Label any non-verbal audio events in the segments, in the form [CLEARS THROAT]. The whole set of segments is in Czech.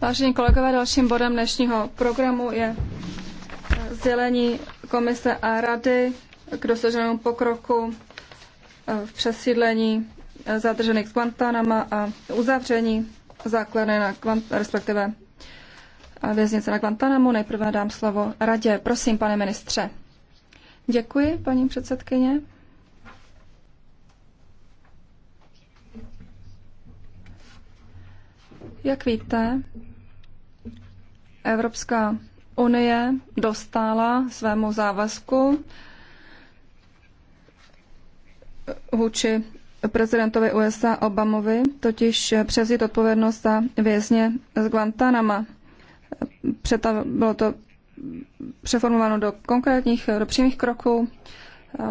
Vážení kolegové, dalším bodem dnešního programu je eh, sdělení komise a rady k dosaženému pokroku eh, v přesídlení eh, zadržených z guantánama a uzavření základny na respektive věznice na guantánamu Nejprve dám slovo radě. Prosím, pane ministře. Děkuji, paní předsedkyně. Jak víte, Evropská unie dostála svému závazku vůči prezidentovi USA Obamovi, totiž převzít odpovědnost za vězně z Guantanama. Přetav, bylo to přeformováno do konkrétních, do přímých kroků eh,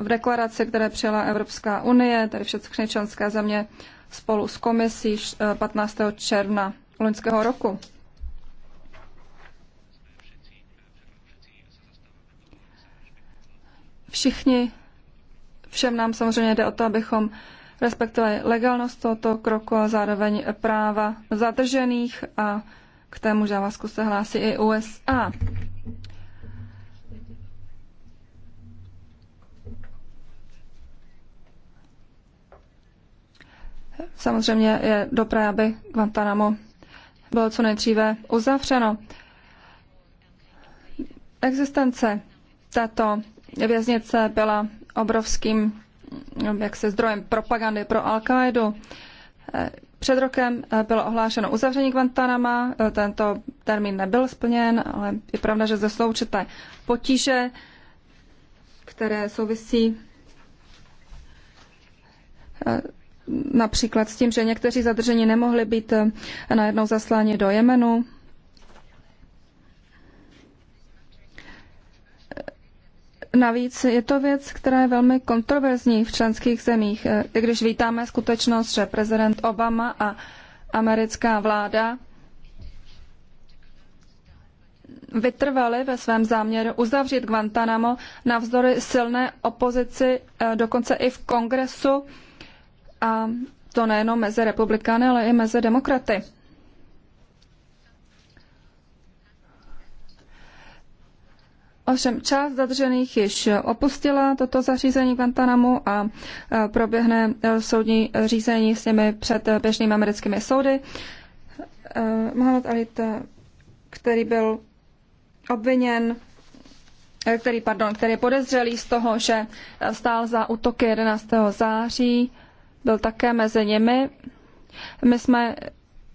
v deklaraci, které přijala Evropská unie, tady všechny členské země spolu s komisí 15. Eh, června loňského roku. Všichni, všem nám samozřejmě jde o to, abychom respektovali legálnost tohoto kroku a zároveň práva zadržených a k tému závazku se hlásí i USA. Samozřejmě je dobré, aby Guantanamo bylo co nejdříve uzavřeno. Existence této věznice byla obrovským jak se zdrojem propagandy pro al qaidu Před rokem bylo ohlášeno uzavření Guantanama, tento termín nebyl splněn, ale je pravda, že zde jsou určité potíže, které souvisí například s tím, že někteří zadržení nemohli být eh, najednou zasláni do Jemenu. Navíc je to věc, která je velmi kontroverzní v členských zemích. Eh, I když vítáme skutečnost, že prezident Obama a americká vláda vytrvali ve svém záměru uzavřít Guantánamo navzdory silné opozici, eh, dokonce i v kongresu a to nejenom mezi republikány, ale i mezi demokraty. Ovšem část zadržených již opustila toto zařízení Guantanamo a e, proběhne e, soudní řízení s nimi před běžnými americkými soudy. E, Mohamed Alit, který byl obviněn, který, pardon, který je podezřelý z toho, že stál za útoky 11. září byl také mezi nimi. My jsme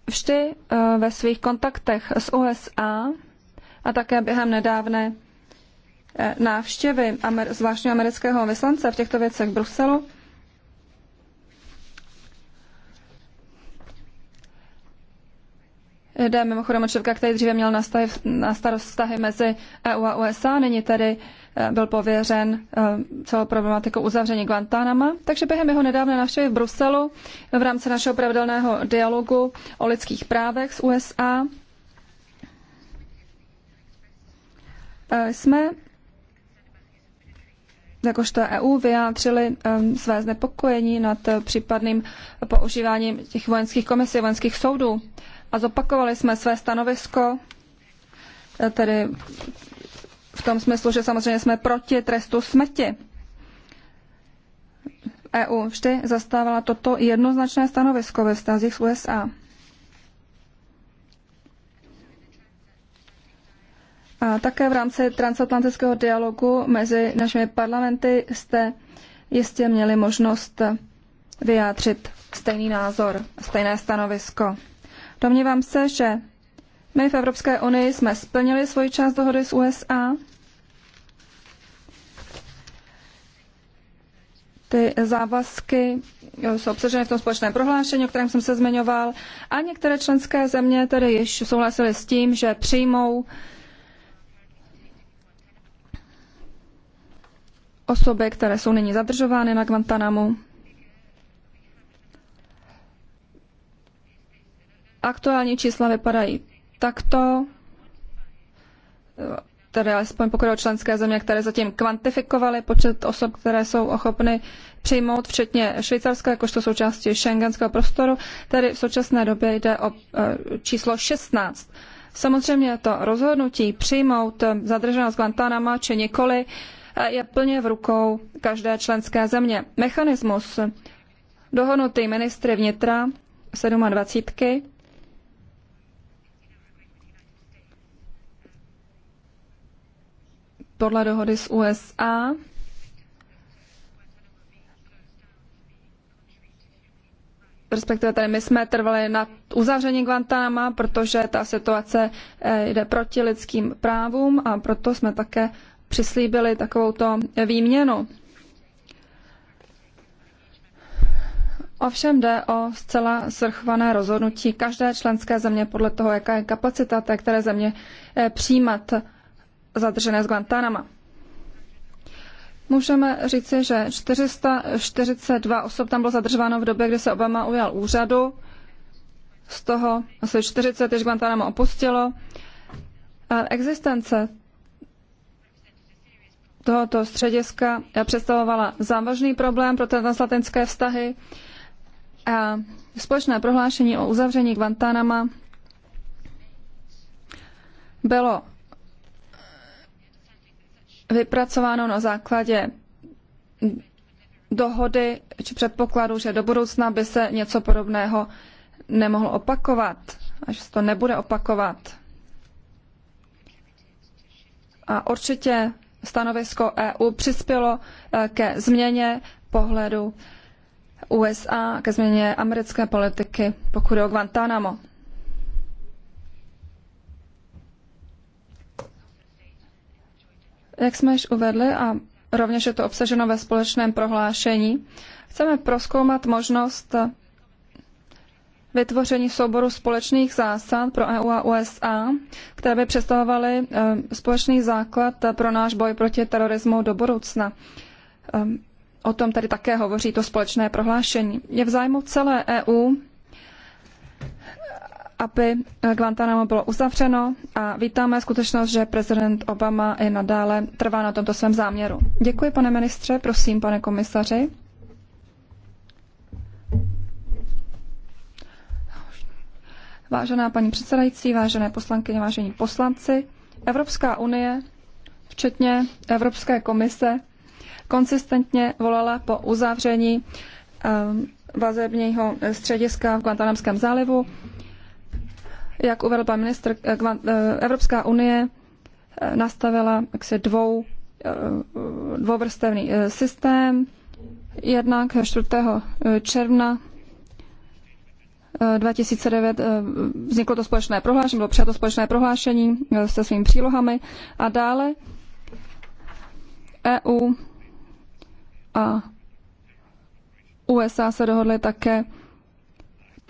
vždy eh, ve svých kontaktech s USA a také během nedávné eh, návštěvy zvláštního amerického vyslance v těchto věcech v Bruselu Jde mimochodem o člověka, který dříve měl na, stav, na starost vztahy mezi EU a USA, nyní tedy eh, byl pověřen eh, celou problematikou uzavření Guantánama. Takže během jeho nedávné návštěvy v Bruselu v rámci našeho pravidelného dialogu o lidských právech s USA eh, jsme jakožto EU vyjádřili um, své znepokojení nad případným používáním těch vojenských komisí, vojenských soudů. Uh, a zopakovali jsme své stanovisko, eh, tedy v tom smyslu, že samozřejmě jsme proti trestu smrti. EU vždy zastávala toto jednoznačné stanovisko ve vztazích s USA. A také v rámci transatlantického dialogu mezi našimi parlamenty jste jistě měli možnost vyjádřit stejný názor, stejné stanovisko. Domnívám se, že my v Evropské unii jsme splnili svoji část dohody s USA. Ty závazky jsou obsaženy v tom společném prohlášení, o kterém jsem se zmiňoval. A některé členské země tedy již souhlasily s tím, že přijmou osoby, které jsou nyní zadržovány na Guantanamu. Aktuální čísla vypadají takto, Tady alespoň pokud o členské země, které zatím kvantifikovaly počet osob, které jsou ochopny přijmout, včetně Švýcarska, jakožto součástí šengenského prostoru, Tady v současné době jde o e, číslo 16. Samozřejmě to rozhodnutí přijmout e, zadrženost z Guantánama či nikoli e, je plně v rukou každé členské země. Mechanismus dohodnutý ministry vnitra 27 podle dohody s USA respektive tady my jsme trvali na uzavření Guantanama, protože ta situace eh, jde proti lidským právům a proto jsme také přislíbili takovouto výměnu. Ovšem jde o zcela svrchované rozhodnutí každé členské země podle toho, jaká je kapacita té které země eh, přijímat zadržené z Guantánama. Můžeme říci, že 442 osob tam bylo zadržováno v době, kdy se Obama ujal úřadu. Z toho asi 40 již Guantánamo opustilo. Existence tohoto střediska představovala závažný problém pro transatlantické vztahy a společné prohlášení o uzavření Guantánama bylo vypracováno na základě dohody či předpokladu, že do budoucna by se něco podobného nemohlo opakovat a že se to nebude opakovat. A určitě stanovisko EU přispělo eh, ke změně pohledu USA, ke změně americké politiky, pokud je o Guantánamo. Jak jsme již uvedli a rovněž je to obsaženo ve společném prohlášení, chceme proskoumat možnost vytvoření souboru společných zásad pro EU a USA, které by představovaly eh, společný základ pro náš boj proti terorismu do budoucna. Ehm, o tom tady také hovoří to společné prohlášení. Je v zájmu celé EU aby eh, Guantánamo bylo uzavřeno a vítáme skutečnost, že prezident Obama i nadále trvá na tomto svém záměru. Děkuji, pane ministře, prosím, pane komisaři. Vážená paní předsedající, vážené poslankyně, vážení poslanci, Evropská unie, včetně Evropské komise, konsistentně volala po uzavření eh, vazebního eh, střediska v Guantanamském zálivu jak uvedl pan ministr, eh, eh, Evropská unie eh, nastavila jaksi dvou, dvouvrstevný systém. Jednak 4. června 2009 vzniklo to společné prohlášení, bylo přijato společné prohlášení se svými přílohami a dále EU a USA se dohodly také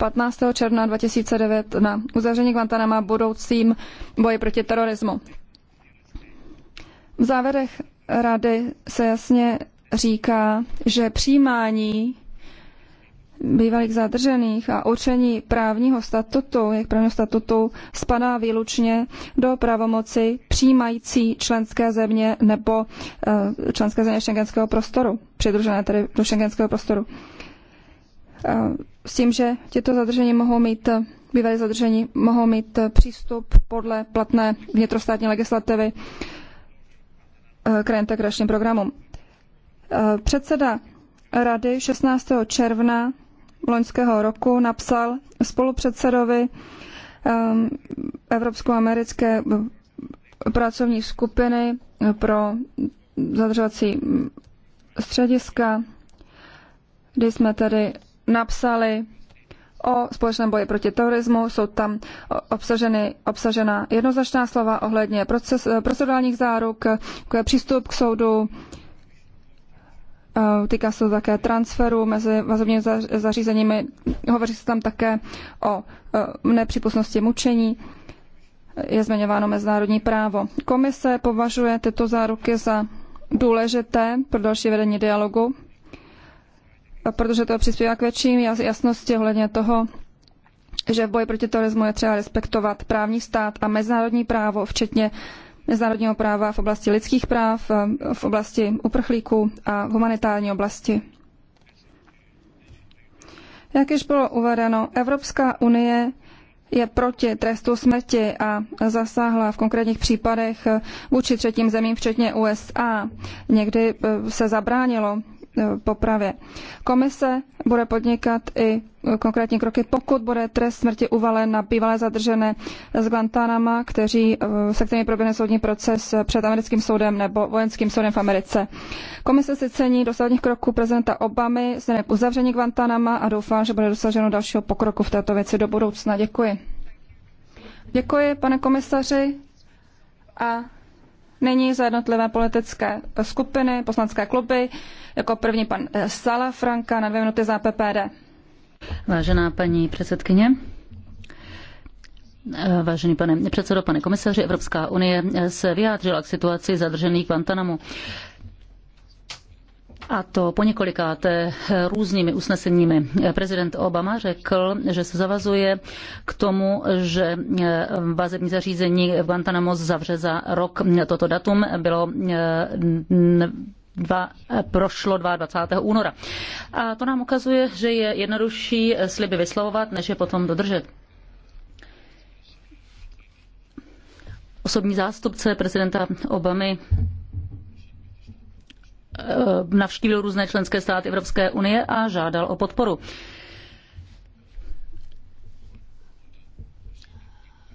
15. června 2009 na uzavření Guantanama budoucím boji proti terorismu. V závěrech rady se jasně říká, že přijímání bývalých zadržených a určení právního statutu, jak právního statutu, spadá výlučně do pravomoci přijímající členské země nebo eh, členské země šengenského prostoru, přidružené tedy do šengenského prostoru. Eh, s tím, že těto zadržení mohou mít bývalí zadržení mohou mít přístup podle platné vnitrostátní legislativy eh, k reintegračním programům. Eh, předseda rady 16. června loňského roku napsal spolupředsedovi eh, Evropsko-americké pracovní skupiny pro zadržovací mm, střediska, kdy jsme tedy napsali o společném boji proti terorismu. Jsou tam obsaženy, obsažena jednoznačná slova ohledně proces, procedurálních záruk, jako přístup k soudu, eh, Týká se to také transferu mezi vazovními zařízeními. Hovoří se tam také o eh, nepřípustnosti mučení. Je zmiňováno mezinárodní právo. Komise považuje tyto záruky za důležité pro další vedení dialogu protože to přispívá k větším jasnosti ohledně toho, že v boji proti terorismu je třeba respektovat právní stát a mezinárodní právo, včetně mezinárodního práva v oblasti lidských práv, eh, v oblasti uprchlíků a v humanitární oblasti. Jak již bylo uvedeno, Evropská unie je proti trestu smrti a zasáhla v konkrétních případech eh, vůči třetím zemím, včetně USA. Někdy eh, se zabránilo Eh, popravě. Komise bude podnikat i konkrétní kroky, pokud bude trest smrti uvalen na bývalé zadržené z Guantanama, kteří, eh, se kterými proběhne soudní proces před americkým soudem nebo vojenským soudem v Americe. Komise si cení dosadních kroků prezidenta Obamy k uzavření Guantanama a doufá, že bude dosaženo dalšího pokroku v této věci do budoucna. Děkuji. Děkuji, pane komisaři. A Nyní za jednotlivé politické skupiny, poslanské kluby, jako první pan eh, Sala Franka na dvě minuty za PPD. Vážená paní předsedkyně, eh, Vážený pane předsedo, pane komisaři, Evropská unie eh, se vyjádřila k situaci zadržených Guantanamo a to po několikáté různými usneseními. Prezident Obama řekl, že se zavazuje k tomu, že vazební zařízení v Guantanamo zavře za rok. Toto datum bylo eh, dva, prošlo 22. února. A to nám ukazuje, že je jednodušší sliby vyslovovat, než je potom dodržet. Osobní zástupce prezidenta Obamy Eh, navštívil různé členské státy Evropské unie a žádal o podporu.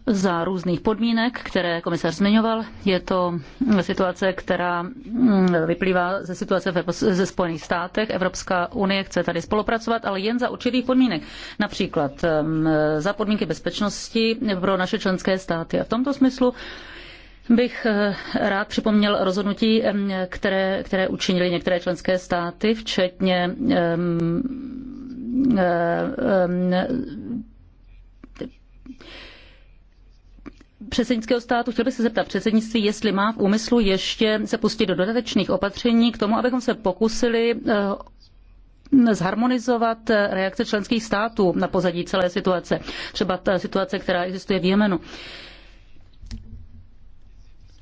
za různých podmínek, které komisař zmiňoval. Je to situace, která mm, vyplývá ze situace ze Spojených státech. Evropská unie chce tady spolupracovat, ale jen za určitých podmínek. Například mm, za podmínky bezpečnosti pro naše členské státy. A v tomto smyslu bych eh, rád připomněl rozhodnutí, které, které učinili některé členské státy, včetně eh, předsednického státu. Chtěl bych se zeptat předsednictví, jestli má v úmyslu ještě se pustit do dodatečných opatření k tomu, abychom se pokusili eh, zharmonizovat reakce členských států na pozadí celé situace, třeba ta situace, která existuje v Jemenu. Uh,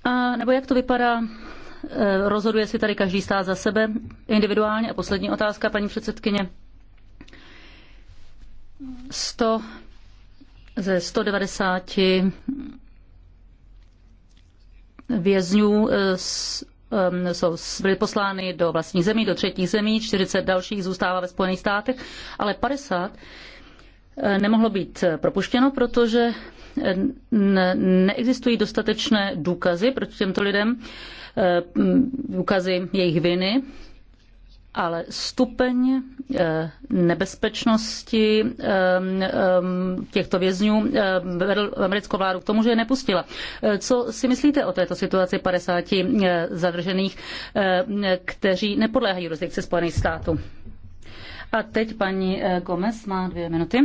a nebo jak to vypadá? E, rozhoduje si tady každý stát za sebe individuálně. A poslední otázka, paní předsedkyně. 100 ze 190 vězňů e, e, jsou, byly poslány do vlastních zemí, do třetích zemí, 40 dalších zůstává ve Spojených státech, ale 50 nemohlo být propuštěno, protože neexistují dostatečné důkazy proti těmto lidem, eh, důkazy jejich viny, ale stupeň eh, nebezpečnosti eh, těchto vězňů vedl americkou vládu k tomu, že je nepustila. Co si myslíte o této situaci 50 zadržených, kteří nepodléhají jurisdikci Spojených států? A teď paní Gomez má dvě minuty.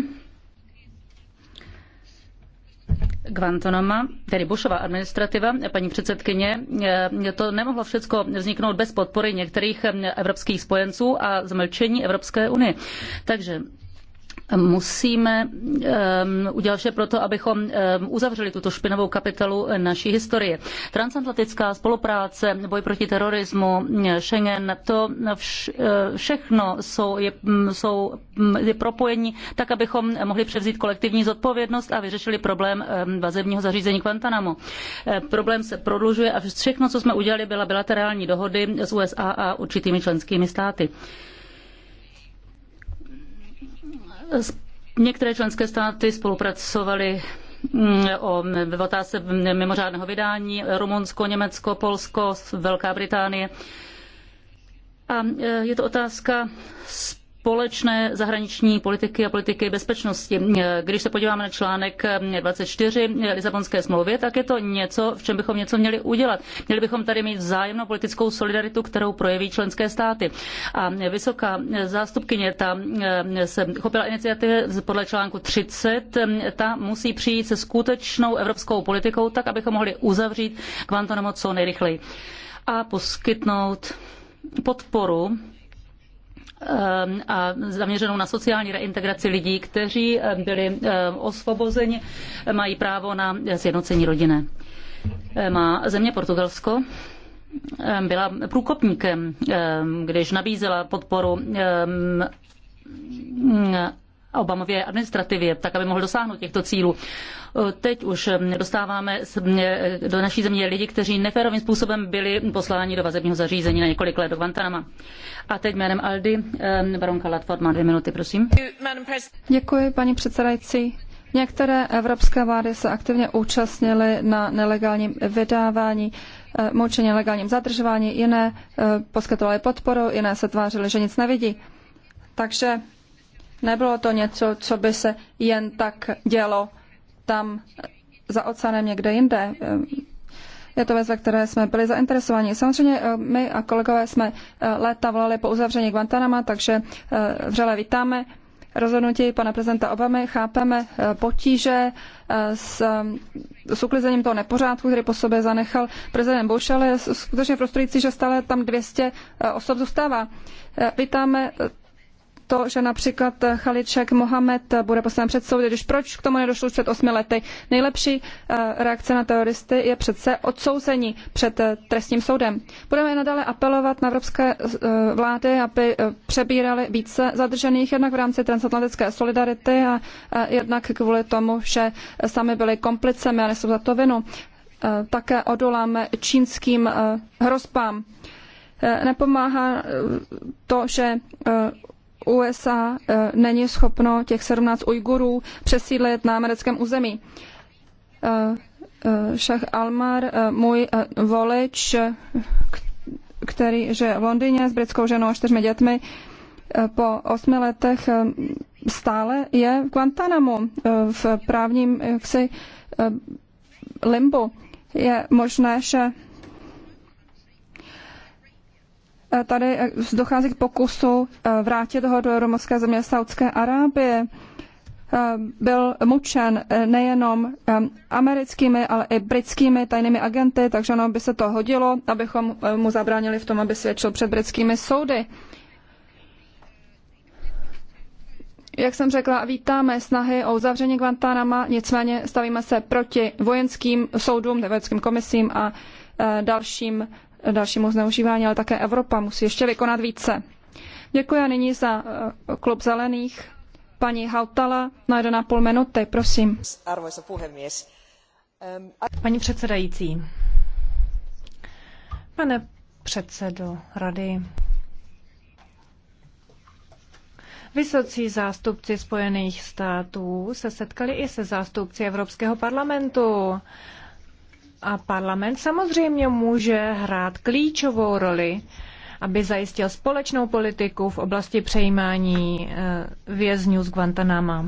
Guantanama, tedy Bushova administrativa, paní předsedkyně, eh, to nemohlo všechno vzniknout bez podpory některých eh, evropských spojenců a zmlčení Evropské unie. Takže musíme ehm, udělat vše proto, abychom ehm, uzavřeli tuto špinavou kapitolu naší historie. Transatlantická spolupráce, boj proti terorismu, Schengen, to eh, všechno jsou, je, mm, jsou mm, je propojení tak, abychom mohli převzít kolektivní zodpovědnost a vyřešili problém ehm, vazebního zařízení Guantanamo. Eh, problém se prodlužuje a všechno, co jsme udělali, byla bilaterální dohody s USA a určitými členskými státy. Některé členské státy spolupracovaly mm, o, v otázce mimořádného vydání Rumunsko, Německo, Polsko, Velká Británie. A e, je to otázka společné zahraniční politiky a politiky bezpečnosti. Když se podíváme na článek 24 Lisabonské smlouvy, tak je to něco, v čem bychom něco měli udělat. Měli bychom tady mít vzájemnou politickou solidaritu, kterou projeví členské státy. A vysoká zástupkyně ta eh, se chopila iniciativy podle článku 30. Eh, ta musí přijít se skutečnou evropskou politikou, tak abychom mohli uzavřít Guantanamo co nejrychleji a poskytnout podporu Ehm, a zaměřenou na sociální reintegraci lidí, kteří ehm, byli ehm, osvobozeni, mají právo na sjednocení rodiny. Má země Portugalsko byla průkopníkem, když nabízela podporu Obamově administrativě, tak aby mohl dosáhnout těchto cílů. Teď už eh, dostáváme eh, do naší země lidi, kteří neférovým způsobem byli posláni do vazebního zařízení na několik let do Guantanama. A teď jménem Aldi, eh, baronka Latford má dvě minuty, prosím. Děkuji, paní předsedající. Některé evropské vlády se aktivně účastnily na nelegálním vydávání, moučení nelegálním zadržování, jiné poskytovaly podporu, jiné se tvářily, že nic nevidí. Takže Nebylo to něco, co by se jen tak dělo tam za oceanem někde jinde. Je to věc, ve které jsme byli zainteresovaní. Samozřejmě eh, my a kolegové jsme eh, léta volali po uzavření Guantanama, takže eh, vřele vítáme rozhodnutí pana prezidenta Obamy. Chápeme potíže s, s uklizením toho nepořádku, který po sobě zanechal prezident Bush, ale je skutečně frustrující, že stále tam 200 osob zůstává. Vítáme to, že například Chaliček Mohamed bude postaven před soud, když proč k tomu nedošlo už před osmi lety. Nejlepší eh, reakce na teroristy je přece odsouzení před eh, trestním soudem. Budeme nadále apelovat na evropské eh, vlády, aby přebírali více zadržených jednak v rámci transatlantické solidarity a jednak kvůli tomu, že sami byli komplicemi a nesou za to vinu. Také odoláme čínským hrozbám nepomáhá to, že USA eh, není schopno těch 17 Ujgurů přesídlit na americkém území. Eh, eh, Šach Almar, můj volič, který žije v Londýně s britskou ženou a čtyřmi dětmi, po osmi letech stále je v Guantanamo, v právním jaksi limbu. Je možné, že Eh, tady eh, dochází k pokusu eh, vrátit ho do romské země Saudské Arábie. Byl mučen nejenom americkými, ale i britskými tajnými agenty, takže ono by se to hodilo, abychom mu zabránili v tom, aby svědčil před britskými soudy. Jak jsem řekla, vítáme snahy o uzavření Guantánama, nicméně stavíme se proti vojenským soudům, vojenským komisím a dalším dalšímu zneužívání, ale také Evropa musí ještě vykonat více. Děkuji a nyní za eh, klub zelených paní Hautala na 1,5 minuty, prosím. Paní předsedající, pane předsedo rady, Vysocí zástupci Spojených států se setkali i se zástupci Evropského parlamentu. A parlament samozřejmě může hrát klíčovou roli, aby zajistil společnou politiku v oblasti přejímání eh, vězňů z Guantanama.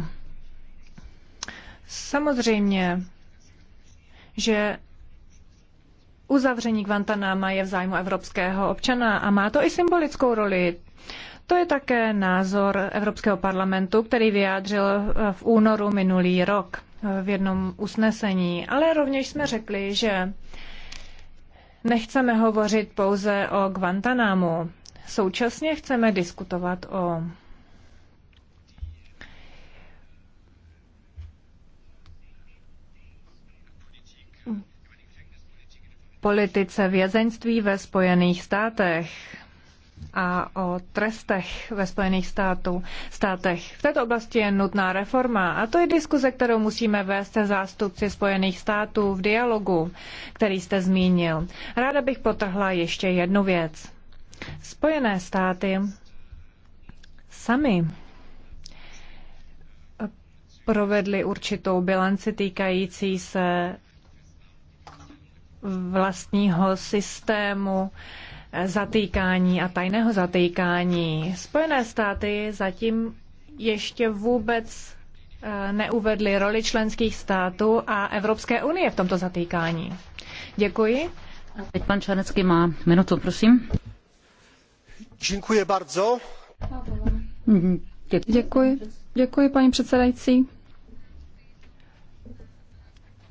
Samozřejmě, že uzavření Guantanama je v zájmu evropského občana a má to i symbolickou roli. To je také názor Evropského parlamentu, který vyjádřil eh, v únoru minulý rok v jednom usnesení, ale rovněž jsme řekli, že nechceme hovořit pouze o Guantanámu. Současně chceme diskutovat o politice vězeňství ve Spojených státech a o trestech ve Spojených států, státech. V této oblasti je nutná reforma a to je diskuze, kterou musíme vést se zástupci Spojených států v dialogu, který jste zmínil. Ráda bych potrhla ještě jednu věc. Spojené státy sami provedli určitou bilanci týkající se vlastního systému zatýkání a tajného zatýkání. Spojené státy zatím ještě vůbec eh, neuvedly roli členských států a Evropské unie v tomto zatýkání. Děkuji. A teď pan Čanecký má minutu, prosím. Děkuji bardzo. Děkuji. Děkuji, paní předsedající.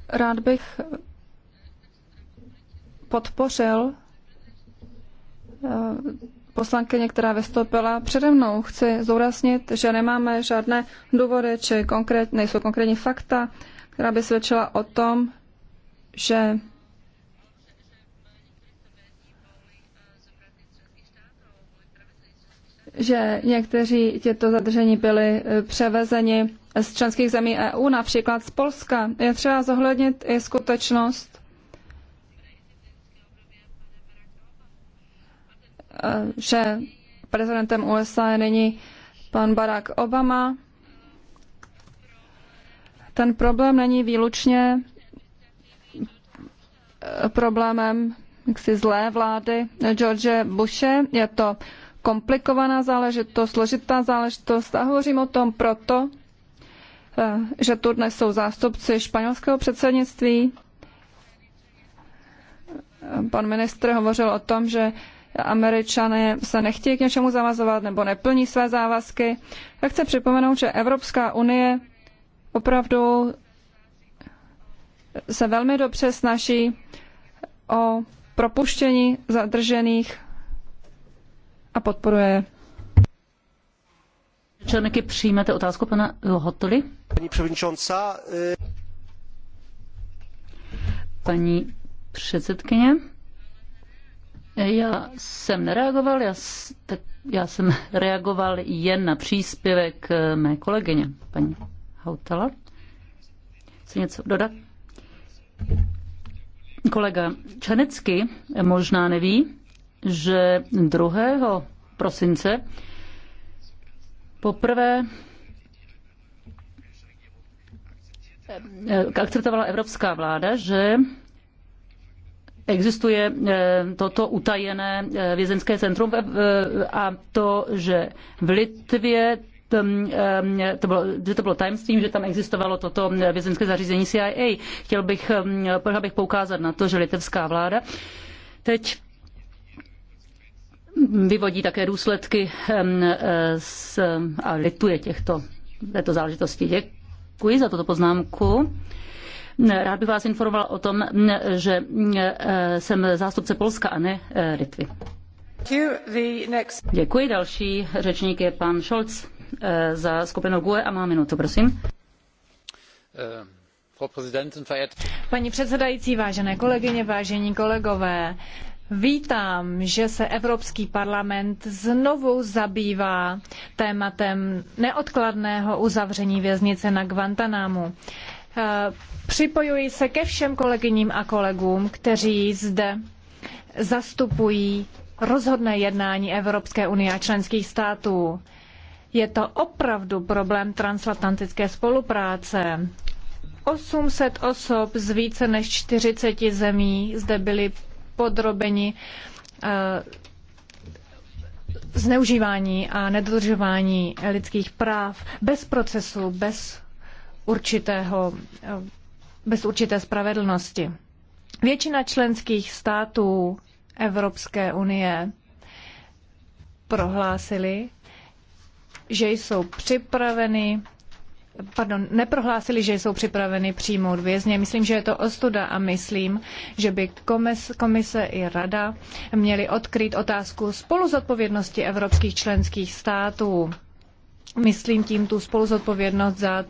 Rád bych podpořil poslankyně, která vystoupila přede mnou. Chci zdůraznit, že nemáme žádné důvody, či konkrét, nejsou konkrétní fakta, která by svědčila o tom, že že někteří těto zadržení byli eh, převezeni z členských zemí EU, například z Polska. Je třeba zohlednit i skutečnost, že prezidentem USA je nyní pan Barack Obama. Ten problém není výlučně eh, problémem jaksi zlé vlády George Bushe. Je to komplikovaná záležitost, složitá záležitost a hovořím o tom proto, eh, že tu dnes jsou zástupci španělského předsednictví. Pan ministr hovořil o tom, že Američané se nechtějí k něčemu zavazovat nebo neplní své závazky. Já chci připomenout, že Evropská unie opravdu se velmi dobře snaží o propuštění zadržených a podporuje. Členky, přijmete otázku pana Hotoli? Paní předsedkyně. Eh, Paní předsedkyně. Já jsem nereagoval, já, tak já jsem [LAUGHS] reagoval jen na příspěvek eh, mé kolegyně, paní Hautala. Chce něco dodat? Kolega Čanecky možná neví, že 2. prosince poprvé eh, eh, akceptovala evropská vláda, že existuje eh, toto utajené eh, vězenské centrum eh, a to, že v Litvě to bylo, že to bylo tajemstvím, že tam existovalo toto vězenské zařízení CIA. Chtěl bych, chtěl bych poukázat na to, že litevská vláda teď vyvodí také důsledky z, ehm, a lituje těchto této záležitosti. Děkuji za tuto poznámku. Rád bych vás informoval o tom, že eh, jsem zástupce Polska a ne eh, Litvy. Děkuji. Další řečník je pan Scholz eh, za skupinu GUE a má minutu, prosím. Paní předsedající, vážené kolegyně, vážení kolegové, Vítám, že se Evropský parlament znovu zabývá tématem neodkladného uzavření věznice na Guantanamu. Eh, připojuji se ke všem kolegyním a kolegům, kteří zde zastupují rozhodné jednání Evropské unie a členských států. Je to opravdu problém transatlantické spolupráce. 800 osob z více než 40 zemí zde byli podrobeni eh, zneužívání a nedodržování lidských práv bez procesu, bez určitého, bez určité spravedlnosti. Většina členských států Evropské unie prohlásili, že jsou připraveny pardon, neprohlásili, že jsou připraveny přijmout vězně. Myslím, že je to ostuda a myslím, že by komis, komise i rada měly odkryt otázku spoluzodpovědnosti evropských členských států. Myslím tím tu spoluzodpovědnost za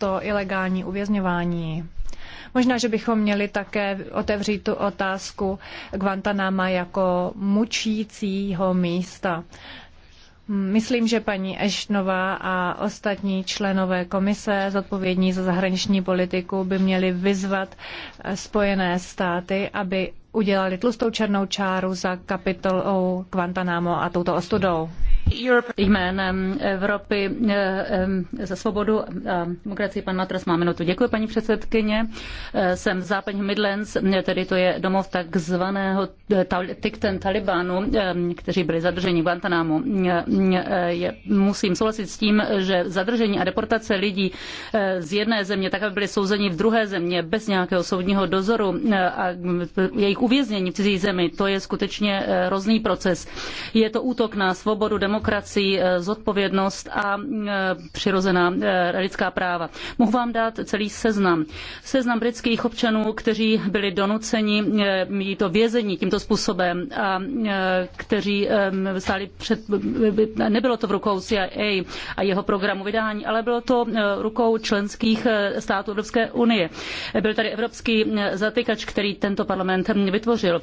to ilegální uvězňování. Možná, že bychom měli také otevřít tu otázku Guantanama jako mučícího místa. Myslím, že paní Eštnová a ostatní členové komise zodpovědní za zahraniční politiku by měli vyzvat Spojené státy, aby udělali tlustou černou čáru za kapitolou Guantanamo a touto ostudou. Jménem Evropy eh, eh, za svobodu a demokracii pan Matras má minutu. Děkuji, paní předsedkyně. Eh, jsem v západních Midlands, tedy to je domov takzvaného Tikten Talibánu, kteří byli zadrženi v Guantanámu. Musím souhlasit s tím, že zadržení a deportace lidí z jedné země, tak aby byli souzeni v druhé země bez nějakého soudního dozoru a jejich uvěznění v cizí zemi, to je skutečně hrozný proces. Je to útok na svobodu, demokracii, demokracii, eh, zodpovědnost a eh, přirozená eh, lidská práva. Mohu vám dát celý seznam. Seznam britských občanů, kteří byli donuceni mít to vězení tímto způsobem a kteří stáli před, nebylo to v rukou CIA a jeho programu vydání, ale bylo to rukou členských států Evropské unie. Byl tady evropský zatykač, který tento parlament hm, vytvořil.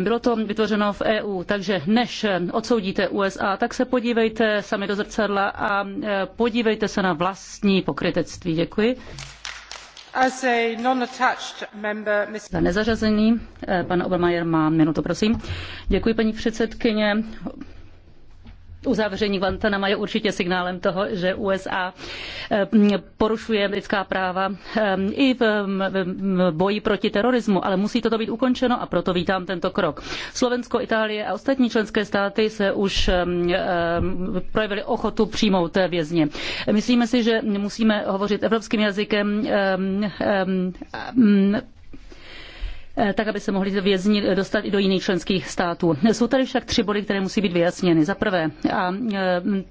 Bylo to vytvořeno v EU, takže než odsoudíte USA, tak se podívejte sami do zrcadla a e, podívejte se na vlastní pokrytectví. Děkuji. As a Member, Za nezařazený, e, pan Obermajer má minutu, prosím. Děkuji, paní předsedkyně uzavření Guantanama je určitě signálem toho, že USA eh, porušuje lidská práva eh, i v boji proti terorismu, ale musí toto být ukončeno a proto vítám tento krok. Slovensko, Itálie a ostatní členské státy se už eh, projevily ochotu přijmout vězně. Myslíme si, že musíme hovořit evropským jazykem Eh, tak aby se mohli vězni dostat i do jiných členských států. Jsou tady však tři body, které musí být vyjasněny. Za prvé, a eh,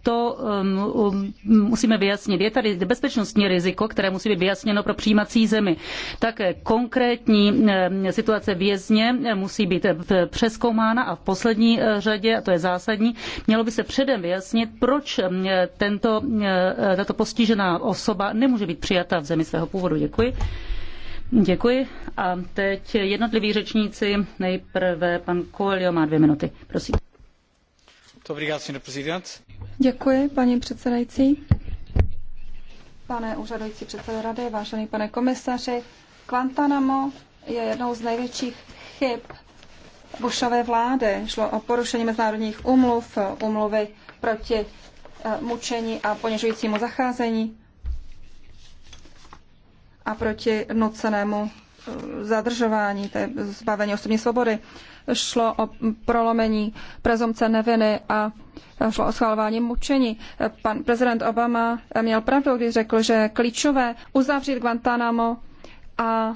to um, musíme vyjasnit, je tady bezpečnostní riziko, které musí být vyjasněno pro přijímací zemi. Také konkrétní eh, situace vězně musí být přeskoumána a v poslední řadě, a to je zásadní, mělo by se předem vyjasnit, proč tento, tato postižená osoba nemůže být přijata v zemi svého původu. Děkuji. Děkuji. A teď jednotliví řečníci. Nejprve pan Coelho má dvě minuty. Prosím. Děkuji, paní předsedající. Pane úřadující předsedo rady, vážený pane komisaři, Guantanamo je jednou z největších chyb Bushové vlády. Šlo o porušení mezinárodních umluv, umluvy proti eh, mučení a ponižujícímu zacházení a proti nucenému eh, zadržování, té zbavení osobní svobody. Šlo o prolomení prezumce neviny a šlo o schvalování mučení. Pan prezident Obama měl pravdu, když řekl, že je klíčové uzavřít Guantánamo a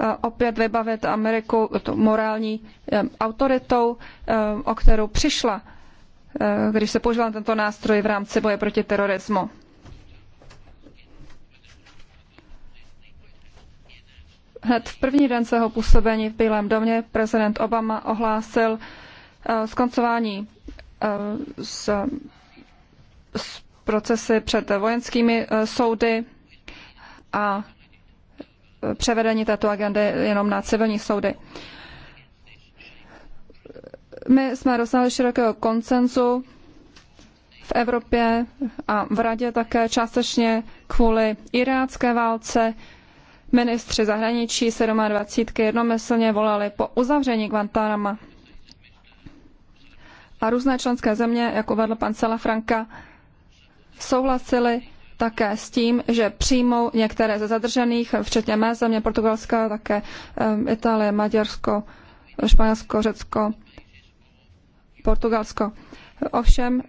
eh, opět vybavit Ameriku tu morální eh, autoritou, o kterou přišla, když se používal tento nástroj v rámci boje proti terorismu. Hned v první den svého působení v Bílém domě prezident Obama ohlásil eh, skoncování eh, s, s procesy před vojenskými eh, soudy a převedení této agendy jenom na civilní soudy. My jsme dosáhli širokého koncenzu v Evropě a v Radě také částečně kvůli irácké válce, Ministři zahraničí 27. jednomyslně volali po uzavření Guantánama. A různé členské země, jak uvedl pan Salafranca, souhlasili také s tím, že přijmou některé ze zadržených, včetně mé země, Portugalska, také Itálie, Maďarsko, Španělsko, Řecko, Portugalsko. Ovšem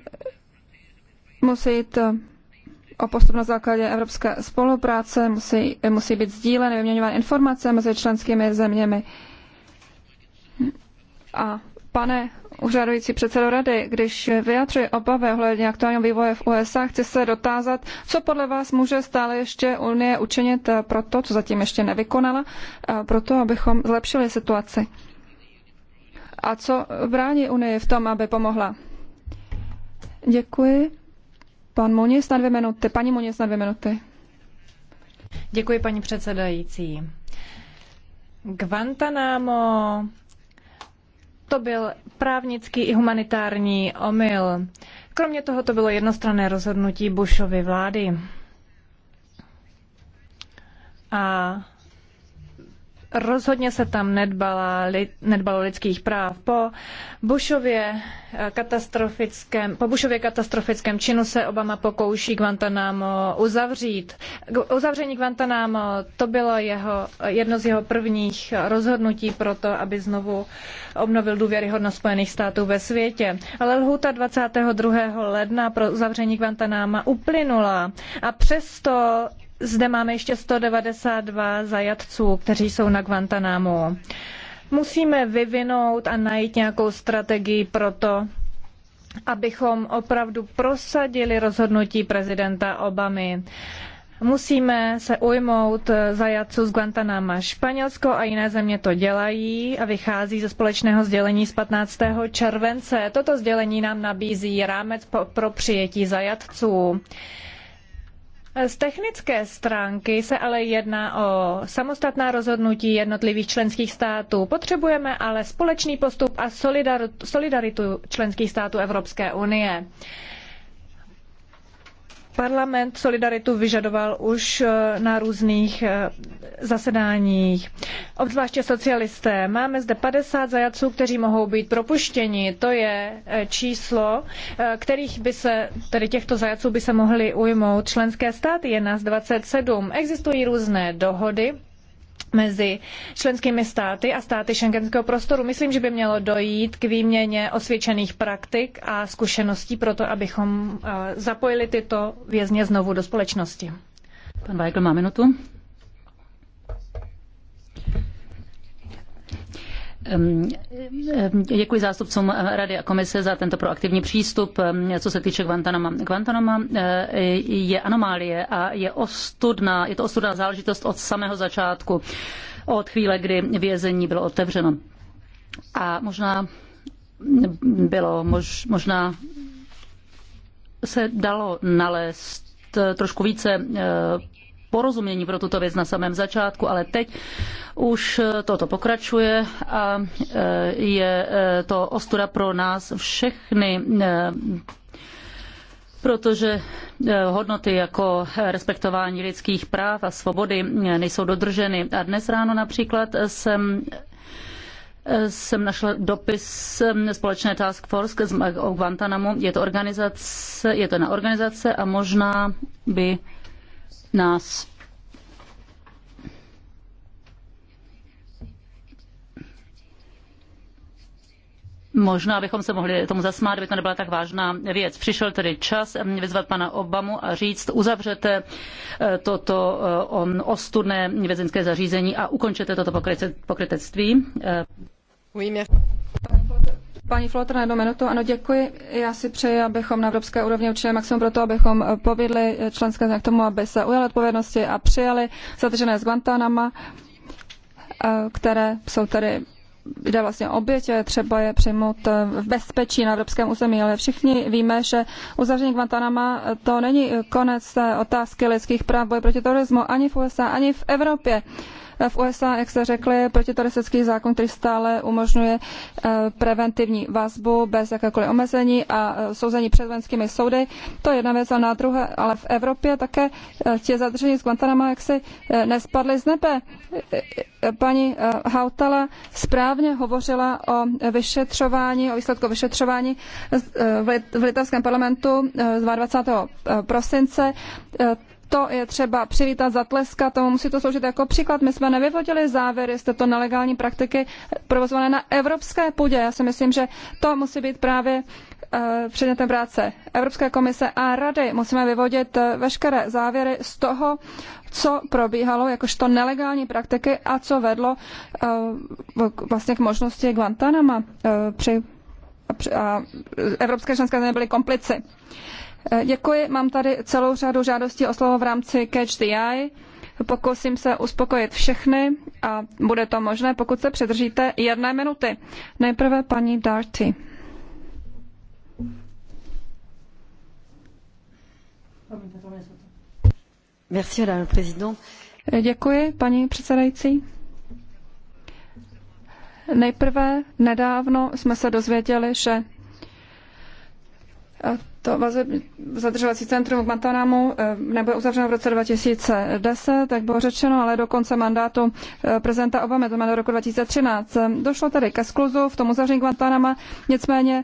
musí jít o postup na základě evropské spolupráce, musí, musí být sdíleny, vyměňovány informace mezi členskými zeměmi. A pane úřadující předsedo rady, když vyjadřuje obavy ohledně aktuálního vývoje v USA, chci se dotázat, co podle vás může stále ještě Unie učinit eh, pro to, co zatím ještě nevykonala, eh, pro to, abychom zlepšili situaci. A co brání Unii v tom, aby pomohla? Děkuji. Pan Munis na dvě minuty. Paní Munis na dvě minuty. Děkuji, paní předsedající. Guantanamo to byl právnický i humanitární omyl. Kromě toho to bylo jednostranné rozhodnutí Bushovy vlády. A rozhodně se tam nedbala, nedbalo lidských práv. Po Bushově eh, katastrofickém, po Bushově katastrofickém činu se Obama pokouší Guantanamo uzavřít. Uzavření Guantanamo to bylo jeho, jedno z jeho prvních rozhodnutí pro to, aby znovu obnovil důvěryhodnost Spojených států ve světě. Ale lhůta 22. ledna pro uzavření Guantanama uplynula a přesto zde máme ještě 192 zajatců, kteří jsou na Guantanamo. Musíme vyvinout a najít nějakou strategii pro to, abychom opravdu prosadili rozhodnutí prezidenta Obamy. Musíme se ujmout zajatců z Guantanama. Španělsko a jiné země to dělají a vychází ze společného sdělení z 15. července. Toto sdělení nám nabízí rámec pro přijetí zajatců. Z technické stránky se ale jedná o samostatná rozhodnutí jednotlivých členských států. Potřebujeme ale společný postup a solidaritu členských států Evropské unie. Parlament solidaritu vyžadoval už eh, na různých eh, zasedáních, obzvláště socialisté. Máme zde 50 zajatců, kteří mohou být propuštěni. To je eh, číslo, kterých by se, tedy těchto zajatců by se mohly ujmout členské státy. Je nás 27. Existují různé dohody mezi členskými státy a státy šengenského prostoru. Myslím, že by mělo dojít k výměně osvědčených praktik a zkušeností pro to, abychom eh, zapojili tyto vězně znovu do společnosti. Pan Weigl má minutu. Ehm, ehm, děkuji zástupcům eh, Rady a komise za tento proaktivní přístup. Ehm, co se týče Guantanama. Guantanama eh, je anomálie a je ostudná, je to ostudná záležitost od samého začátku, od chvíle, kdy vězení bylo otevřeno. A možná bylo, možná se dalo nalézt trošku více eh, porozumění pro tuto věc na samém začátku, ale teď už eh, toto pokračuje a eh, je eh, to ostuda pro nás všechny protože hodnoty jako respektování lidských práv a svobody nejsou dodrženy. A dnes ráno například jsem jsem našla dopis společné Task Force z Guantanamo. Je to, organizace, je to na organizace a možná by nás Možná bychom se mohli tomu zasmát, kdyby to nebyla tak vážná věc. Přišel tedy čas mm, vyzvat pana Obamu a říct, uzavřete e, toto e, ostudné vězeňské zařízení a ukončete toto pokrytectví. E, Paní Flotr, na minutu. Ano, děkuji. Já si přeji, abychom na evropské úrovni učili maximum pro to, abychom eh, povědli eh, členské země k tomu, aby se ujali odpovědnosti a přijali zadržené z Guantanama, eh, které jsou tedy jde vlastně obětě, třeba je přijmout v bezpečí na evropském území, ale všichni víme, že uzavření Guantanama to není konec otázky lidských práv, boje proti terorismu ani v USA, ani v Evropě. Uh, v USA, jak jste řekli, protiteroristický zákon, který stále umožňuje eh, preventivní vazbu bez jakékoliv omezení a eh, souzení před vojenskými soudy. To je jedna věc, a na druhé, ale v Evropě také eh, ti zadržení z Guantanama jaksi nespadli z nebe. Paní Hautala správně hovořila o vyšetřování, o výsledku vyšetřování v litevském parlamentu 22. prosince. To je třeba přivítat, zatleskat, tomu musí to sloužit jako příklad. My jsme nevyvodili závěry z této nelegální praktiky eh, provozované na evropské půdě. Já si myslím, že to musí být právě eh, předmětem práce Evropské komise a rady. Musíme vyvodit eh, veškeré závěry z toho, co probíhalo jakožto nelegální praktiky a co vedlo vlastně k možnosti Guantanama při a evropské členské země byly komplici. Eh, děkuji, mám tady celou řadu žádostí o slovo v rámci Catch the Eye. Pokusím se uspokojit všechny a bude to možné, pokud se předržíte jedné minuty. Nejprve paní Darty. Merci, madame eh, Děkuji, paní předsedající. Nejprve nedávno jsme se dozvěděli, že to zadržovací centrum v Guantanamu eh, nebude uzavřeno v roce 2010, tak bylo řečeno, ale do konce mandátu eh, prezidenta Obamy, to do roku 2013. Eh, došlo tedy ke skluzu v tom uzavření Guantanama, nicméně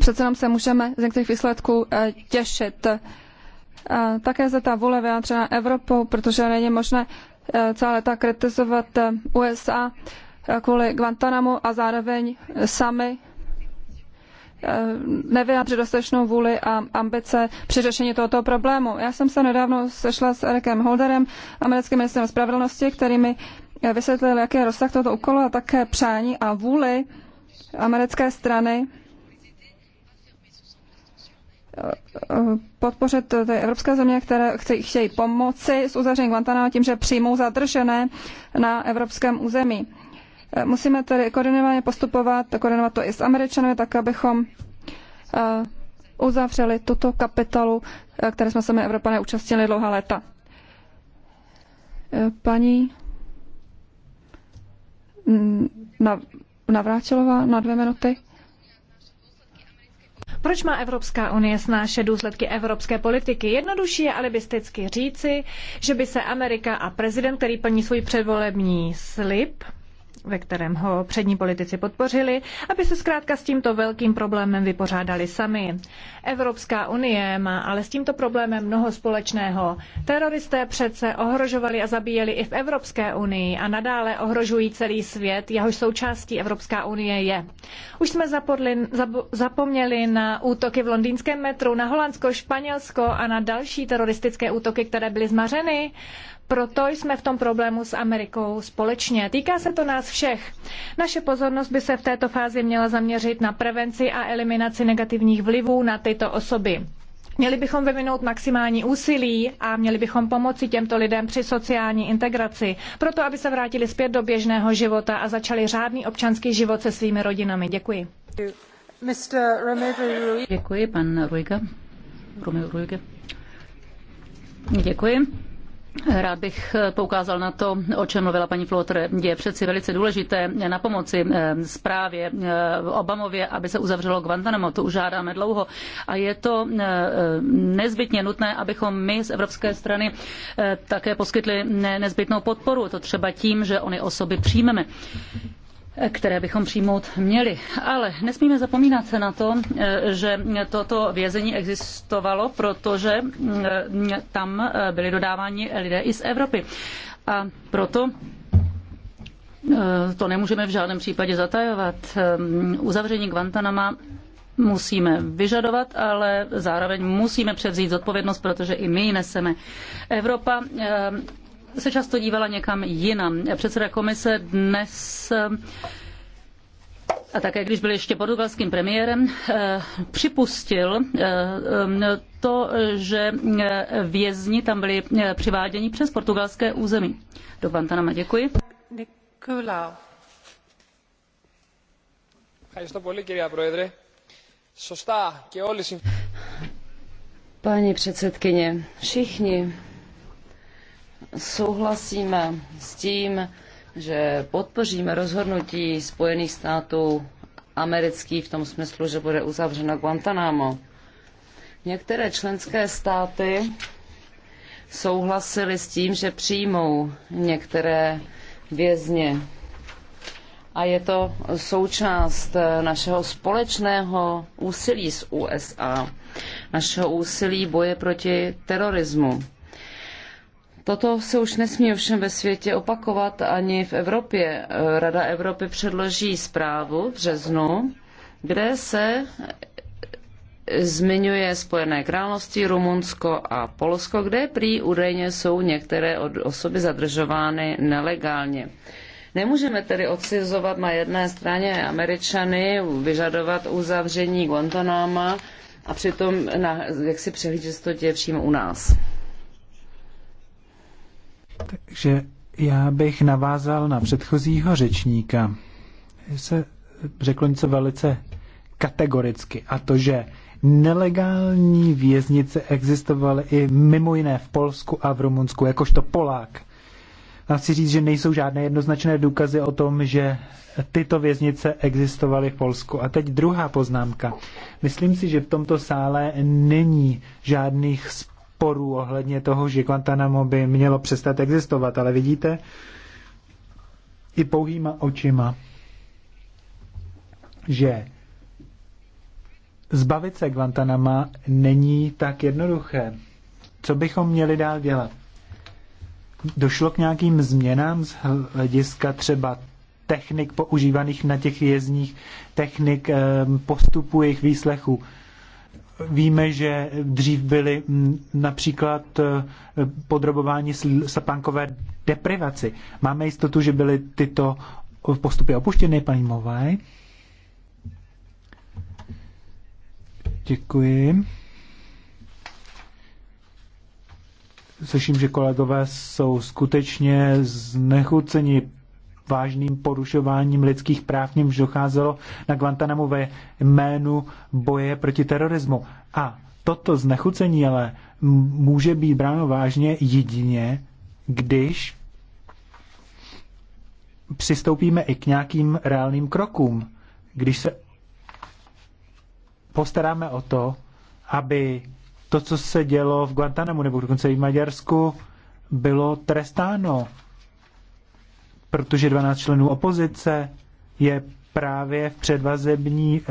přece nám se můžeme z některých výsledků těšit. Také za ta vůle vyjádřena Evropou, protože není možné celé tak kritizovat USA kvůli Guantanamu a zároveň sami Eh, nevyjádřit dostatečnou vůli a ambice při řešení tohoto problému. Já jsem se nedávno sešla s Erikem Holderem, americkým ministrem spravedlnosti, který mi eh, vysvětlil, jaký je rozsah tohoto úkolu a také přání a vůli americké strany eh, podpořit ty evropské země, které chtějí pomoci s uzavřením Guantanama tím, že přijmou zadržené na evropském území. Musíme tedy koordinovaně postupovat, koordinovat to i s Američany, tak abychom eh, uzavřeli tuto kapitolu, eh, které jsme se my Evropané účastnili dlouhá léta. Eh, paní mm, Navráčilová na dvě minuty. Proč má Evropská unie snášet důsledky evropské politiky? Jednodušší je alibisticky říci, že by se Amerika a prezident, který plní svůj předvolební slib, ve kterém ho přední politici podpořili, aby se zkrátka s tímto velkým problémem vypořádali sami. Evropská unie má ale s tímto problémem mnoho společného. Teroristé přece ohrožovali a zabíjeli i v Evropské unii a nadále ohrožují celý svět, jehož součástí Evropská unie je. Už jsme zapodli, zap, zapomněli na útoky v londýnském metru, na Holandsko, Španělsko a na další teroristické útoky, které byly zmařeny proto jsme v tom problému s Amerikou společně. Týká se to nás všech. Naše pozornost by se v této fázi měla zaměřit na prevenci a eliminaci negativních vlivů na tyto osoby. Měli bychom vyvinout maximální úsilí a měli bychom pomoci těmto lidem při sociální integraci, proto aby se vrátili zpět do běžného života a začali řádný občanský život se svými rodinami. Děkuji. Děkuji, pan Ruiga. Děkuji. Rád bych eh, poukázal na to, o čem mluvila paní Flotr. Je přeci velice důležité na pomoci eh, zprávě eh, Obamově, aby se uzavřelo Guantanamo. To už žádáme dlouho. A je to nezbytně nutné, abychom my z evropské strany také poskytli nezbytnou podporu. To třeba tím, že ony osoby přijmeme které bychom přijmout měli. Ale nesmíme zapomínat se na to, že toto vězení existovalo, protože mm, tam eh, byly dodáváni lidé i z Evropy. A proto eh, to nemůžeme v žádném případě zatajovat. Eh, uzavření Guantanama musíme vyžadovat, ale zároveň musíme převzít zodpovědnost, protože i my ji neseme. Evropa se často dívala někam jinam. Předseda komise dnes a také když byl ještě portugalským premiérem, připustil eh, to, že vězni tam byli přiváděni přes portugalské území. Do Guantanama, děkuji. Nikolau. Paní předsedkyně, všichni souhlasíme s tím, že podpoříme rozhodnutí Spojených států amerických v tom smyslu, že bude uzavřeno Guantanamo. Některé členské státy souhlasily s tím, že přijmou některé vězně. A je to součást našeho společného úsilí s USA, našeho úsilí boje proti terorismu. Toto se už nesmí ovšem ve světě opakovat ani v Evropě. Rada Evropy předloží zprávu v březnu, kde se zmiňuje Spojené království, Rumunsko a Polsko, kde prý údajně jsou některé osoby zadržovány nelegálně. Nemůžeme tedy odcizovat na jedné straně Američany, vyžadovat uzavření Guantanama a přitom na, jak si přehlížet, že se to děje přímo u nás. Takže já bych navázal na předchozího řečníka. Se řekl něco velice kategoricky a to, že nelegální věznice existovaly i mimo jiné v Polsku a v Rumunsku, jakožto Polák. A chci říct, že nejsou žádné jednoznačné důkazy o tom, že tyto věznice existovaly v Polsku. A teď druhá poznámka. Myslím si, že v tomto sále není žádných sporů ohledně toho, že Guantanamo by mělo přestat existovat, ale vidíte, i pouhýma očima, že zbavit se Guantanama není tak jednoduché. Co bychom měli dál dělat? Došlo k nějakým změnám z hlediska třeba technik používaných na těch vězních, technik eh, postupu jejich výslechu. Víme, že dřív byli například e, podrobováni sapankové deprivaci. Máme jistotu, že byly tyto postupy opuštěny, paní Mové? Děkuji. Slyším, že kolegové jsou skutečně znechuceni vážným porušováním lidských práv, němž docházelo na Guantanamo ve jménu boje proti terorismu. A toto znechucení ale může být bráno vážně jedině, když přistoupíme i k nějakým reálným krokům, když se postaráme o to, aby to, co se dělo v Guantanamo nebo dokonce i v Maďarsku, bylo trestáno protože 12 členů opozice je právě v předvazební, eh,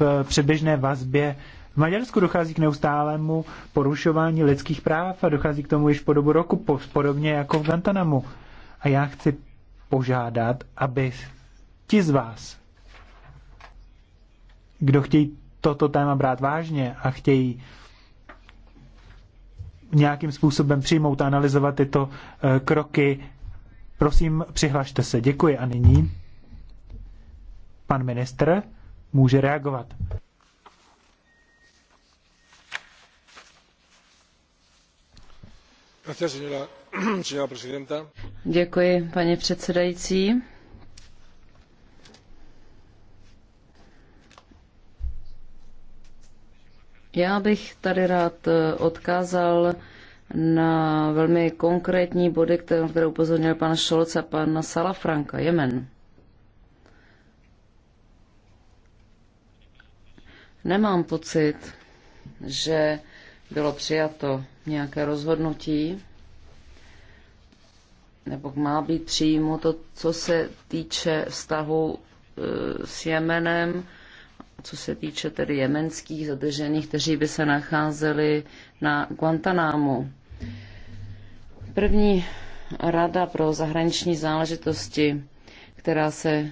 v předběžné vazbě. V Maďarsku dochází k neustálému porušování lidských práv a dochází k tomu již po dobu roku, podobně jako v Guantanamu. A já chci požádat, aby ti z vás, kdo chtějí toto téma brát vážně a chtějí nějakým způsobem přijmout a analyzovat tyto eh, kroky, Prosím, přihlašte se. Děkuji. A nyní pan ministr může reagovat. [CLEARS THROAT] Děkuji, paní předsedající. Já bych tady rád eh, odkázal na velmi konkrétní body, které, které upozornil pan Šolc a pan Salafranka, Jemen. Nemám pocit, že bylo přijato nějaké rozhodnutí, nebo má být to, co se týče vztahu e, s Jemenem, co se týče tedy jemenských zadržených, kteří by se nacházeli na Guantanámu. První rada pro zahraniční záležitosti, která se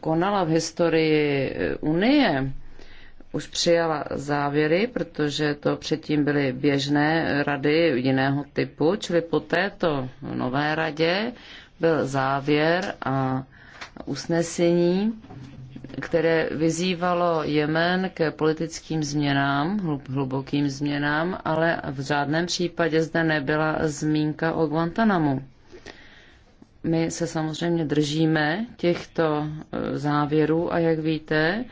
konala v historii Unie, už přijala závěry, protože to předtím byly běžné rady jiného typu, čili po této nové radě byl závěr a usnesení, které vyzývalo Jemen k politickým změnám, hlubokým změnám, ale v žádném případě zde nebyla zmínka o Guantanamu. My se samozřejmě držíme těchto e, závěrů a jak víte,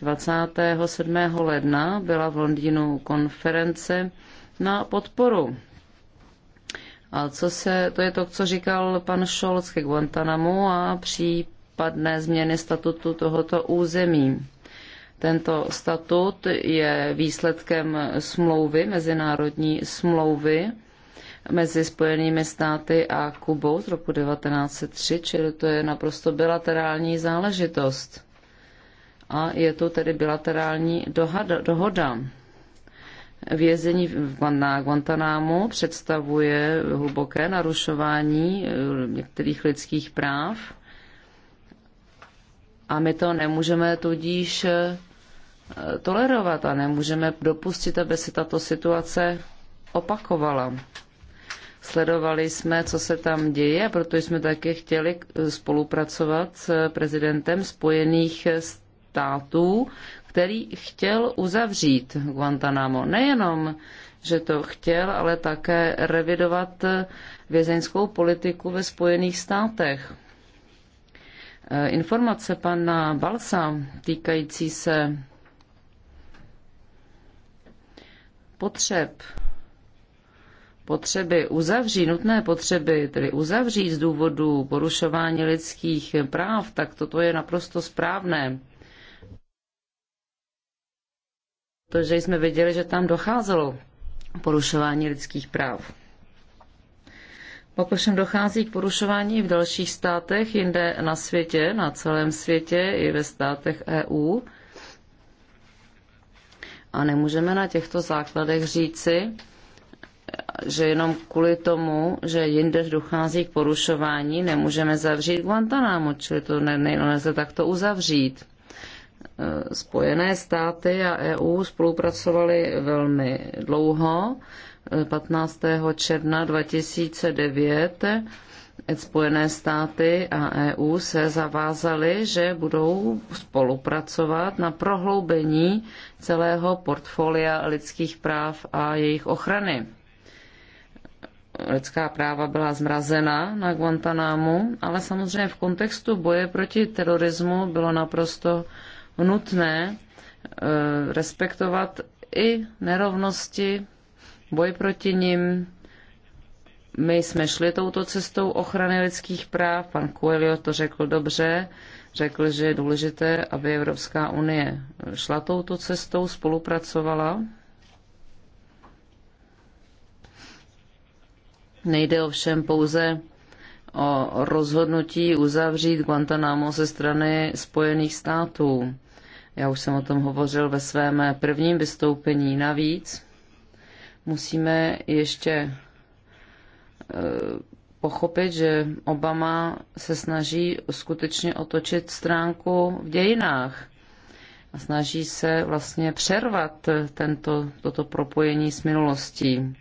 27. ledna byla v Londýnu konference na podporu. A co se, to je to, co říkal pan Scholz ke Guantanamu a příp případné změny statutu tohoto území. Tento statut je výsledkem smlouvy, mezinárodní smlouvy mezi Spojenými státy a Kubou z roku 1903, čili to je naprosto bilaterální záležitost. A je to tedy bilaterální dohada, dohoda. Vězení na Guantanámu představuje hluboké narušování eh, některých lidských práv a my to nemůžeme tudíž eh, tolerovat a nemůžeme dopustit, aby se tato situace opakovala. Sledovali jsme, co se tam děje, protože jsme také chtěli eh, spolupracovat s prezidentem Spojených států, který chtěl uzavřít Guantanamo. Nejenom, že to chtěl, ale také revidovat eh, vězeňskou politiku ve Spojených státech. Eh, informace pana Balsa týkající se potřeb potřeby uzavří, nutné potřeby, tedy uzavří z důvodu porušování lidských práv, tak toto je naprosto správné. Protože jsme viděli, že tam docházelo porušování lidských práv. Ovšem dochází k porušování v dalších státech, jinde na světě, na celém světě, i ve státech EU. A nemůžeme na těchto základech říci, že jenom kvůli tomu, že jinde dochází k porušování, nemůžeme zavřít Guantanamo, čili to nelze ne, ne, takto uzavřít. Spojené státy a EU spolupracovali velmi dlouho. 15. června 2009 Spojené státy a EU se zavázaly, že budou spolupracovat na prohloubení celého portfolia lidských práv a jejich ochrany. Lidská práva byla zmrazena na Guantanámu, ale samozřejmě v kontextu boje proti terorismu bylo naprosto nutné eh, respektovat i nerovnosti, boj proti nim. My jsme šli touto cestou ochrany lidských práv, pan Coelho to řekl dobře, řekl, že je důležité, aby Evropská unie šla touto cestou, spolupracovala. Nejde ovšem pouze o rozhodnutí uzavřít Guantanamo ze strany Spojených států. Já už jsem o tom hovořil ve svém prvním vystoupení. Navíc musíme ještě eh, pochopit, že Obama se snaží skutečně otočit stránku v dějinách a snaží se vlastně přervat tento, toto propojení s minulostí.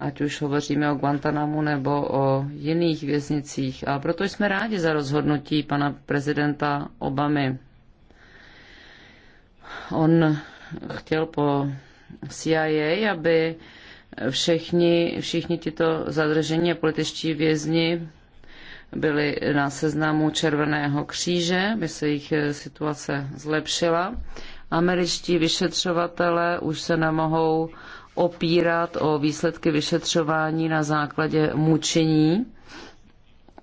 Ať už hovoříme o Guantanamu nebo o jiných věznicích. A proto jsme rádi za rozhodnutí pana prezidenta Obamy On chtěl po CIA, aby všichni, všichni tyto zadržení a političtí vězni byli na seznamu Červeného kříže, by se jejich eh, situace zlepšila. Američtí vyšetřovatelé už se nemohou opírat o výsledky vyšetřování na základě mučení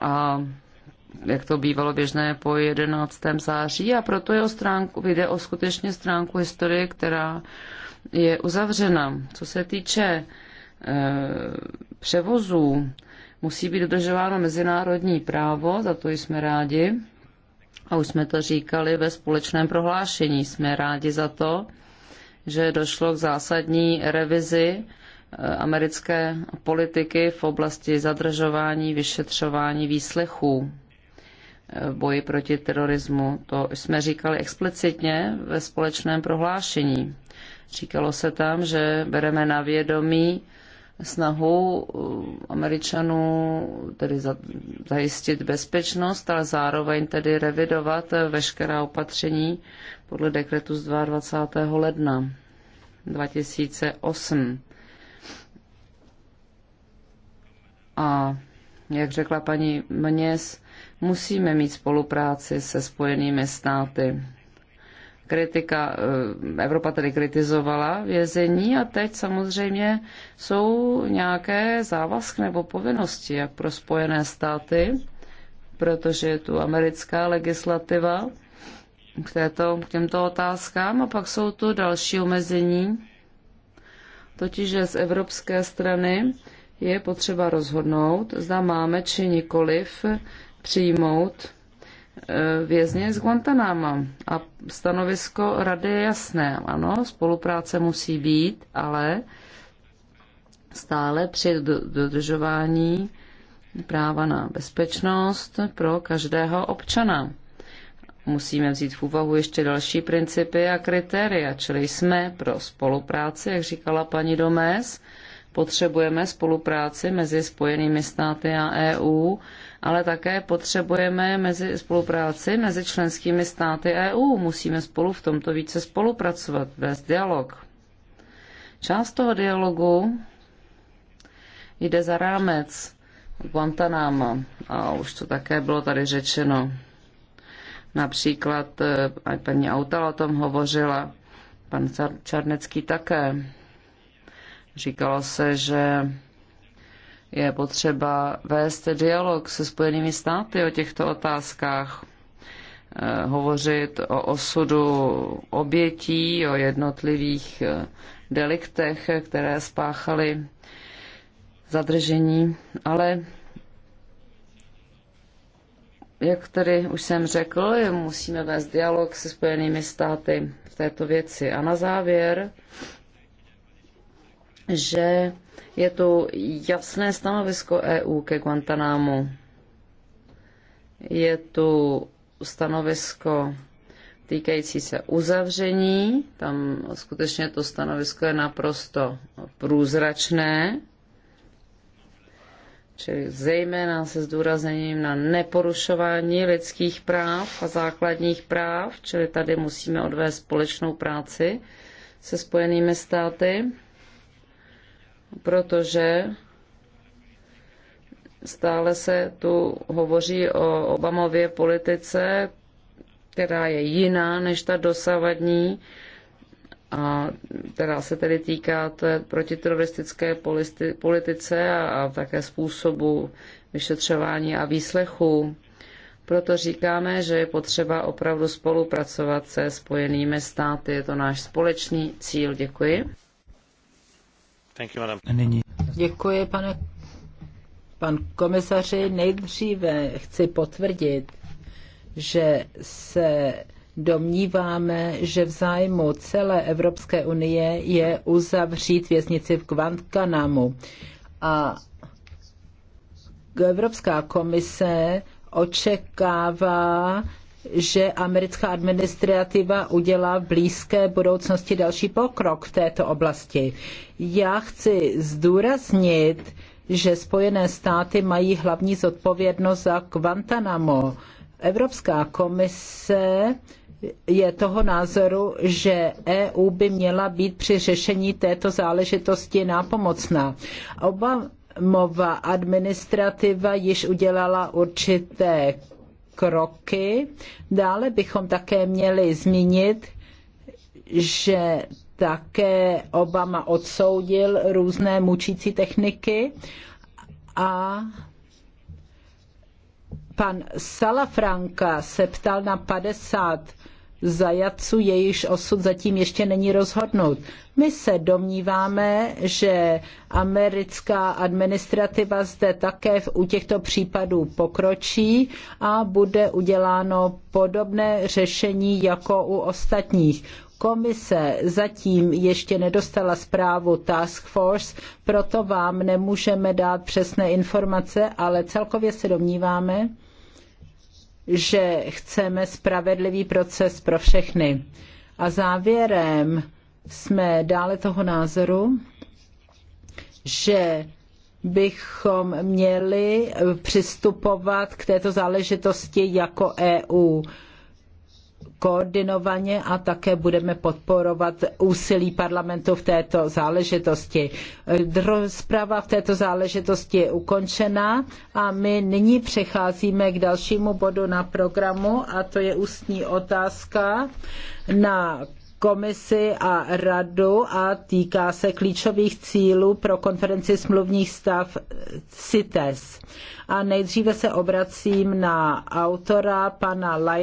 a jak to bývalo běžné po 11. září a proto je stránku, jde o skutečně stránku historie, která je uzavřena. Co se týče e, převozů, musí být dodržováno mezinárodní právo, za to jsme rádi. A už jsme to říkali ve společném prohlášení. Jsme rádi za to, že došlo k zásadní revizi eh, americké politiky v oblasti zadržování, vyšetřování výslechů v boji proti terorismu. To jsme říkali explicitně ve společném prohlášení. Říkalo se tam, že bereme na vědomí snahu eh, Američanů tedy zajistit bezpečnost, ale zároveň tedy revidovat veškerá opatření podle dekretu z 22. ledna 2008. A jak řekla paní Mněs, Musíme mít spolupráci se spojenými státy. Kritika, eh, Evropa tedy kritizovala vězení a teď samozřejmě jsou nějaké závazky nebo povinnosti, jak pro spojené státy, protože je tu americká legislativa k, této, k těmto otázkám a pak jsou tu další omezení, totiž že z evropské strany je potřeba rozhodnout, zda máme či nikoliv přijmout eh, vězně z Guantanama. A stanovisko rady je jasné. Ano, spolupráce musí být, ale stále při dodržování práva na bezpečnost pro každého občana. Musíme vzít v úvahu ještě další principy a kritéria, čili jsme pro spolupráci, jak říkala paní Domes, potřebujeme spolupráci mezi Spojenými státy a EU ale také potřebujeme mezi spolupráci mezi členskými státy EU. Musíme spolu v tomto více spolupracovat, vést dialog. Část toho dialogu jde za rámec Guantanama a už to také bylo tady řečeno. Například eh, paní Autala o tom hovořila, pan Čarnecký také. Říkalo se, že je potřeba vést dialog se Spojenými státy o těchto otázkách, eh, hovořit o osudu obětí, o jednotlivých eh, deliktech, které spáchali zadržení, ale jak tedy už jsem řekl, musíme vést dialog se Spojenými státy v této věci. A na závěr, že je to jasné stanovisko EU ke Guantanámu. Je tu stanovisko týkající se uzavření. Tam skutečně to stanovisko je naprosto průzračné, čili zejména se zdůrazněním na neporušování lidských práv a základních práv, čili tady musíme odvést společnou práci se Spojenými státy protože stále se tu hovoří o Obamově politice, která je jiná než ta dosavadní, a která se tedy týká té protiteroristické politice a, a také způsobu vyšetřování a výslechu. Proto říkáme, že je potřeba opravdu spolupracovat se spojenými státy. Je to náš společný cíl. Děkuji. Děkuji, pane pan komisaři. Nejdříve chci potvrdit, že se domníváme, že v zájmu celé Evropské unie je uzavřít věznici v Guantanamu. A Evropská komise očekává, že americká administrativa udělá v blízké budoucnosti další pokrok v této oblasti. Já chci zdůraznit, že Spojené státy mají hlavní zodpovědnost za Guantanamo. Evropská komise je toho názoru, že EU by měla být při řešení této záležitosti nápomocná. Oba Mova administrativa již udělala určité kroky. Dále bychom také měli zmínit, že také Obama odsoudil různé mučící techniky a pan Salafranka se ptal na 50 zajatců, jejichž osud zatím ještě není rozhodnut. My se domníváme, že americká administrativa zde také u těchto případů pokročí a bude uděláno podobné řešení jako u ostatních komise zatím ještě nedostala zprávu Task Force, proto vám nemůžeme dát přesné informace, ale celkově se domníváme, že chceme spravedlivý proces pro všechny. A závěrem jsme dále toho názoru, že bychom měli přistupovat k této záležitosti jako EU koordinovaně a také budeme podporovat úsilí parlamentu v této záležitosti. Rozprava v této záležitosti je ukončena a my nyní přecházíme k dalšímu bodu na programu a to je ústní otázka na komisi a radu a týká se klíčových cílů pro konferenci smluvních stav CITES. A nejdříve se obracím na autora pana